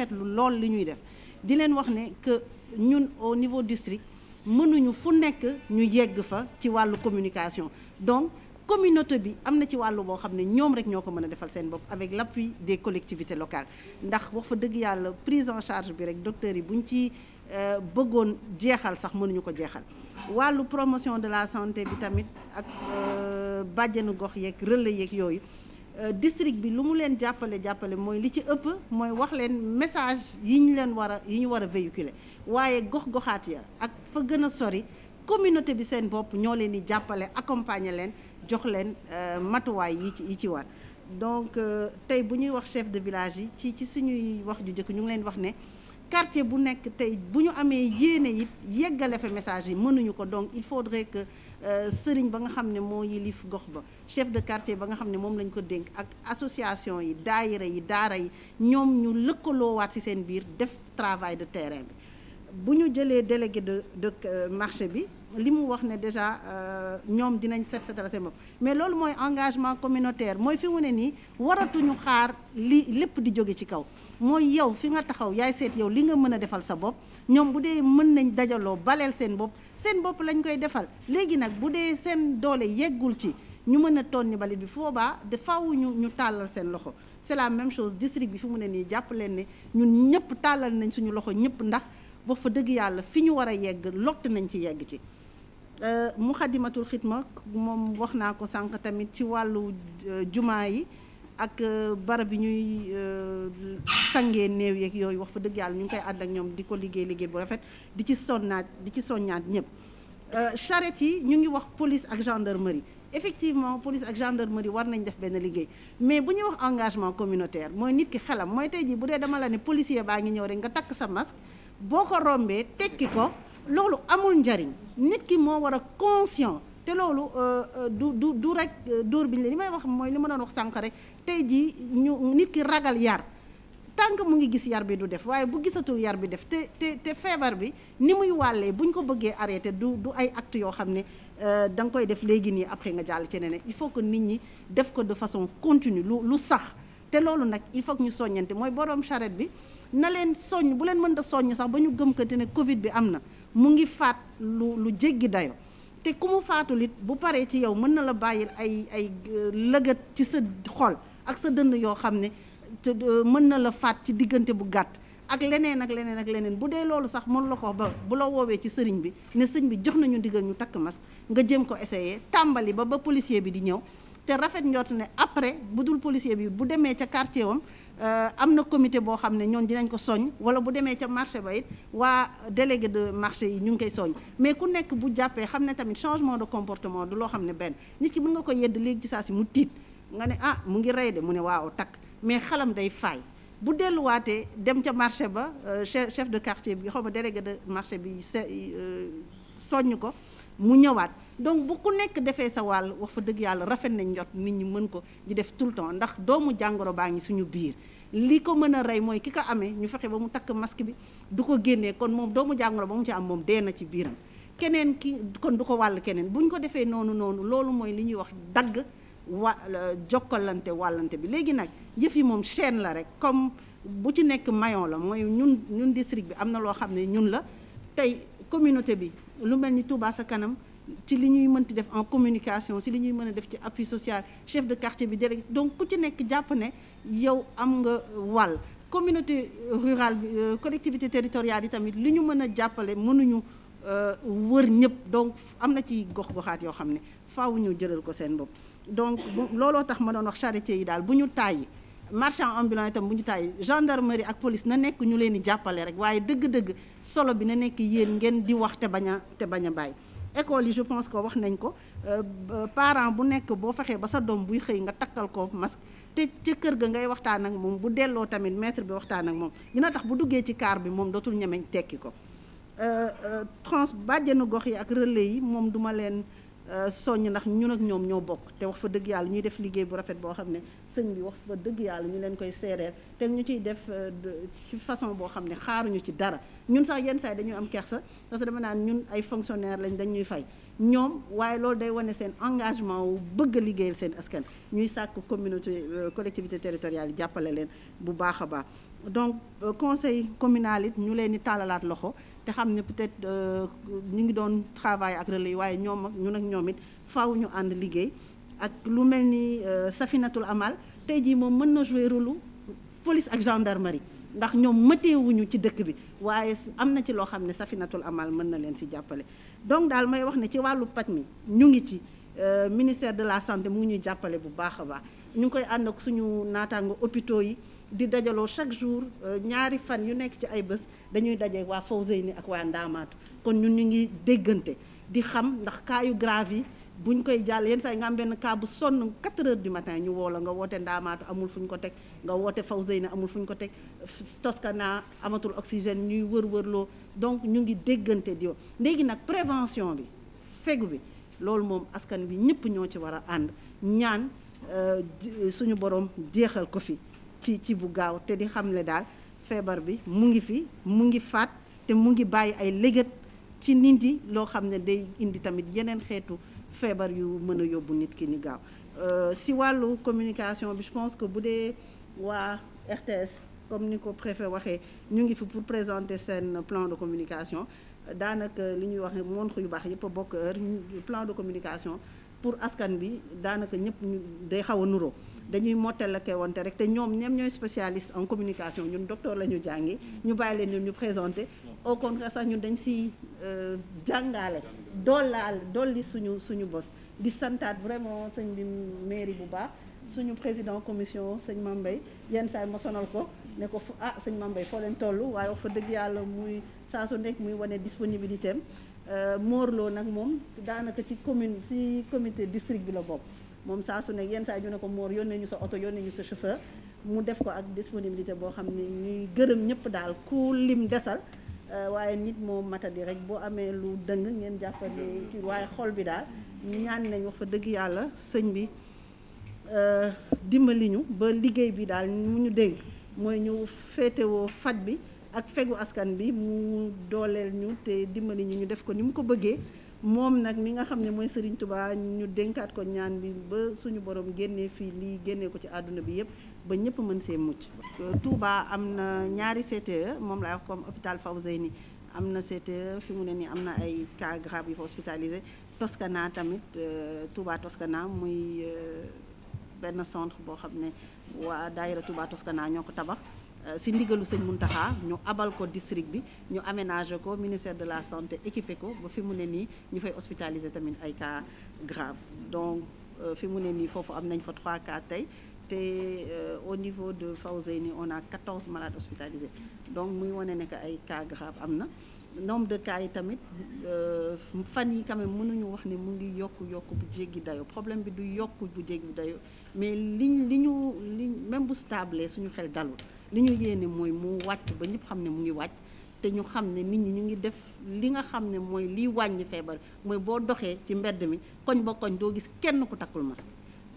fetlu lool li ñuy def di leen wax ne que ñun au niveau district mënuñu fu nekk ñu yegg fa ci wàllu communication donc communauté bi am na ci wàllu boo xam ne ñoom rek ñoo ko mën a defal seen bopp avec l'appui des collectivité locale ndax wax fa dëgg yàlla prise en charge bi rek docteurs yi bu buñ ci euh, bëggoon jeexal sax mënuñu ko jeexal wàllu promotion de la santé bi tamit ak euh, bàjjenu gox yeeg relais yeeg yooyu Euh, district bi lu mu leen jàppale jàppale mooy li ci ëpp mooy wax leen message yi ñu leen war a yi ñu war a véhiculer waaye gox-goxaat ya ak fa gën a sori communauté bi seen bopp ñoo leen di jàppale accompagner leen jox leen euh, matuwaay yi ci yi war donc euh, tey bu ñuy wax chef de village yi ci ci suñuy wax ju jëkk ñu ngi leen wax ne quartier bu nekk tey bu ñu amee yéene it yeggale fa message yi mënuñu ko donc il faudrait que Euh, sëriñ ba nga xam ne moo yilif gox ba chef de quartier ba nga xam ne moom lañ ko dénk ak association yi daayira yi daara yi ñoom ñu lëkkaloo waat ci seen biir def travail de terrain bi bu ñu jëlee délégué de de euh, marché bi li mu wax ne déjà euh, ñoom dinañ seet setal seen bopp mais loolu mooy engagement communautaire mooy fi mu ne nii waratuñu xaar li lépp di jóge ci kaw mooy yow fi nga taxaw yaay seet yow li nga mën a defal sa bopp ñoom bu dee mën nañ dajaloo baleel seen bopp seen bopp lañ koy defal léegi nag bu dee seen doole yeggul ci ñu mën a tonni balit bi foobaa de faaw ñu ñu tàllal seen loxo c'est la même chose district bi fi mu ne nii jàpp leen ne ñun ñëpp tàllal nañ suñu loxo ñëpp ndax ba fa dëgg yàlla fi ñu war yegg lott nañ ci yegg ci euh, mu xadimatul xidma moom wax naa ko sànq tamit ci wàllu euh, jumaa yi ak euh, barab yi ñuy euh, sangee néew yeeg yooyu wax fa dëgg yàlla ñu ngi koy ànd ak ñoom di ko liggéey liggéey bu rafet di ci sonnaat di ci soññaat ñëpp euh, charrette yi ñu ngi wax police ak gendarmerie effectivement police ak gendarmerie war nañ def benn liggéey mais bu ñuy wax engagement communautaire mooy nit ki xelam mooy tey jii bu dee dama la ne policier baa ngi ñëw rek nga takk sa masque boo ko rombee tekki ko loolu amul njariñ nit ki moo war a conscient te loolu euh, euh, du du du rek euh, dóor bi ñu li may wax mooy li ma doon wax sànq rek tey jii ñu nit ki ragal yar tànk mu ngi gis yar bi du def waaye bu gisatul yar bi def te te te feebar bi ni muy wàllee bu ñu ko bëggee arrêté du du ay actes yoo xam ne da nga koy def léegi nii après nga jàll ci neneen il faut que nit ñi def ko de façon continue lu lu sax te loolu nag il faut ñu soññante mooy borom charrette bi na leen soññ bu leen mën da soññ sax ba ñu gëm ko te ne Covid bi am na mu ngi faat lu lu jéggi dayo te ku mu faatul it bu paree ci yow mën na la bàyyil ay ay euh, lëgët ci sa xol ak sa dënn yoo xam ne euh, mën na la faat ci diggante bu gàtt ak leneen ak leneen ak leneen bu dee loolu sax mënu la ko ba bu la woowee ci sëriñ bi ne sëñ bi jox nañu ndigal ñu takk masque nga jëm ko essayer tàmbali ba ba policier bi di ñëw te rafet njort ne après bu dul policier bi bu demee ca quartier wam Euh, am na comité boo xam ne ñoom dinañ ko soñ wala bu demee ca marché ba it waa délégué de marché yi ñu ngi koy soñ mais ku nekk bu jàppee xam ne tamit changement de comportement du loo xam ne benn nit ki mun nga ko yedd léegi ci saa si mu tiit nga ne ah mu ngi rey de mu ne waaw takk mais xalam day faay bu delluwaatee dem ca marché ba euh, chef chef de quartier bi xaw ma délégué de marché bi euh, soññ ko mu ñëwaat donc bu ku nekk defee sa wàll wax fa dëgg yàlla rafet nañ njot nit ñi mën ko di def tout le temps ndax doomu jàngoro baa ngi suñu biir li ko mën a rey mooy ki ko amee ñu fexe ba mu takk masque bi du ko génnee kon moom doomu jàngoro ba mu ci am moom dee na ci biiram keneen ki kon du ko wàll keneen bu ñu ko defee noonu noonu loolu mooy li ñuy wax dagg wa euh, jokkalante wàllante bi léegi nag yëf yi moom chaîne la rek comme bu ci nekk maillon la mooy ñun ñun district bi am na loo xam ne ñun la communauté bi lu mel ni Touba sa kanam ci li ñuy mënti def en communication si li ñuy mën a def ci appi social chef de quartier bi délégué donc ku ci nekk jàpp ne yow am nga wàll communauté rurale bi euh, collectivité territoriale yi tamit li ñu mën a jàppale mënuñu euh, wër ñëpp donc am na ci gox-goxaat yoo xam ne faw ñu jëlal ko seen bopp donc looloo tax ma doon wax charité yi daal bu ñu tàyyi marchand ambulant itam bu ñu tàyyi gendarmerie ak police na nekk ñu leen di jàppale rek waaye dëgg-dëgg solo bi na nekk yéen ngeen di wax te baña te bañ a bàyyi. école yi je pense que wax nañ ko euh, parent bu nekk boo fexee ba sa doom buy xëy nga takkal ko masque te ca kër ga ngay waxtaan ak moom bu delloo tamit maître bi waxtaan ak moom dina tax bu duggee ci kaar bi moom dootul ñemeñ tekki ko. Euh, euh, trans bàjjenu gox yi ak relais yi moom duma leen. Euh, soññ ndax ñun ak ñoom ñoo bokk te wax fa dëgg yàlla ñuy def liggéey bu rafet boo xam ne sëñ bi wax fa dëgg yàlla ñu leen koy seereer te ñu ciy def euh, ci façon boo xam ne xaaruñu ci dara ñun sax yenn saa dañuy am kersa parce que dama naan ñun ay fonctionnaire lañ dañuy fay ñoom waaye loolu day wane seen engagement wu bëgg a liggéeyal seen askan ñuy sàkk communauté euh, collectivité territoriale yi jàppale leen bu baax a baax donc conseil communal it ñu leen di tàllalaat loxo te xam ne peut-être euh, ñu ngi doon travail ak relais waaye ñoom ak ñun ak ñoom it faw ñu ànd liggéey ak lu mel ni euh, Safinatul Amal tey jii moom mën na jouer rôle police ak gendarmerie ndax ñoom mëteewuñu ci dëkk bi waaye am na ci loo xam ne Safinatul Amal mën na leen si jàppale donc daal may wax ne ci wàllu paj mi ñu ngi ci euh, ministère de la santé mu ngi ñuy jàppale bu baax a baax ñu ngi koy ànd ak suñu naataango hôpitaux yi di dajaloo chaque jour euh, ñaari fan yu nekk ci ay bés dañuy daje waa Fawzeyni ak waa Ndaamaatu kon ñun ñu ngi déggante di xam ndax kaayu yu grave yi buñ koy jàll yenn saa yi nga am benn cas bu sonn 4 heures du matin ñu woo la nga woote Ndaamaatu amul fu ñu ko teg nga woote Fawzeyni amul fu ñu ko teg Toscana amatul oxygène ñuy wër-wërloo donc ñu ngi déggante di yoo léegi nag prévention bi fegu bi loolu moom askan bi ñëpp ñoo ci war a ànd ñaan euh, suñu borom jeexal ko fi. ci ci bu gaaw te di xam ne daal feebar bi mu ngi fi mu ngi faat te mu ngi bàyyi ay légat ci nit yi loo xam ne day indi tamit yeneen xeetu feebar yu mën a yóbbu nit ki ni gaaw euh, si wàllu communication bi je pense que bu dee waa RTS comme ni ko préfet waxee ñu ngi fi pour présenter seen plan de communication daanaka li ñuy wax montre yu baax yëpp bokk heure plan de communication pour askan bi daanaka ñëpp day xaw a nuroo dañuy mottalake wante rek te ñoom ñoom ñooy spécialiste en communication ñun docteur la ñu jàngi ñu bàyyi leen ñoom ñu présenter au contraire sax ñun dañ si euh, jàngaale dollaal dolli suñu suñu bos di santaat vraiment sañ bi mairie bu baax suñu président commission sëñ Mambay yenn saay ma sonal ko ne ko ah sëñ Mambay foo leen toll waaye fa dëgg yàlla muy saa su nekk muy wane disponibilité am euh, Morlo nag moom daanaka ci commune ci comité district bi la bokk moom saa su ne yenn saa ñu ne ko moor yónnee ñu sa oto yónnee ñu sa chauffeur mu def ko ak disponibilité boo xam ne ñuy gërëm ñëpp daal ku lim desal euh, waaye nit moo matadi rek boo amee lu dëng ngeen jàppale ci waaye xol bi daal ñaan nañ wax fa dëgg yàlla sëñ bi euh, dimbali ñu ba liggéey bi daal mu ñu dénk mooy ñu féetewoo faj bi ak fegu askan bi mu dooleel ñu te dimbali ñu ñu def ko ni mu ko bëggee moom nag mi nga xam ne mooy Serigne Touba ñu dénkaat ko ñaan bi ba suñu borom génnee fii lii génnee ko ci àdduna bi yëpp ba ñëpp mën see mucc. Touba am na ñaari CTE moom laa wax comme hôpital Fawzeyni am na CTE fi mu ne nii am na ay cas grave yu fa hospitalisé Toscana tamit euh, Touba Toscana muy euh, benn centre boo xam ne waa daayira Touba Toscana ñoo ko tabax. Euh, si ndigalu mun Muntaxa ñu abal ko district bi ñu aménagé ko ministère de la santé équipé ko ba fi mu ne nii ñu fay hospitaliser tamit ay cas grave donc euh, fi mu ne nii foofu am nañ fa 3 cas tey te euh, au niveau de Fawzeyni on a 14 malades hospitalisés donc muy wane ne que ay cas grave am na nombre de yi tamit fan yi quand même mënuñu wax ni mu ngi yokk yokk bu jéggi dayo problème bi du yokk bu jéggi dayo mais liñ li ñu liñ même bu stable suñu xel dalul li ñu yéene mooy mu wàcc ba ñëpp xam ne mu ngi wàcc te ñu xam ne nit ñi ñu ngi def li nga xam ne mooy liy wàññi feebar mooy boo doxee ci mbedd mi koñ ba koñ doo gis kenn ku takkul masque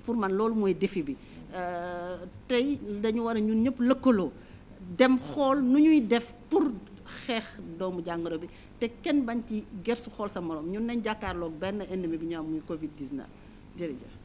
pour man loolu mooy défi bi euh, tey dañu war a ñun ñëpp lëkkaloo dem xool nu ñuy def pour xeex doomu jàngoro bi te kenn bañ ci gersu xool sa morom ñun nañ jàkkaarloog benn ennemi bi ñu am muy Covid 19 jërëjëf.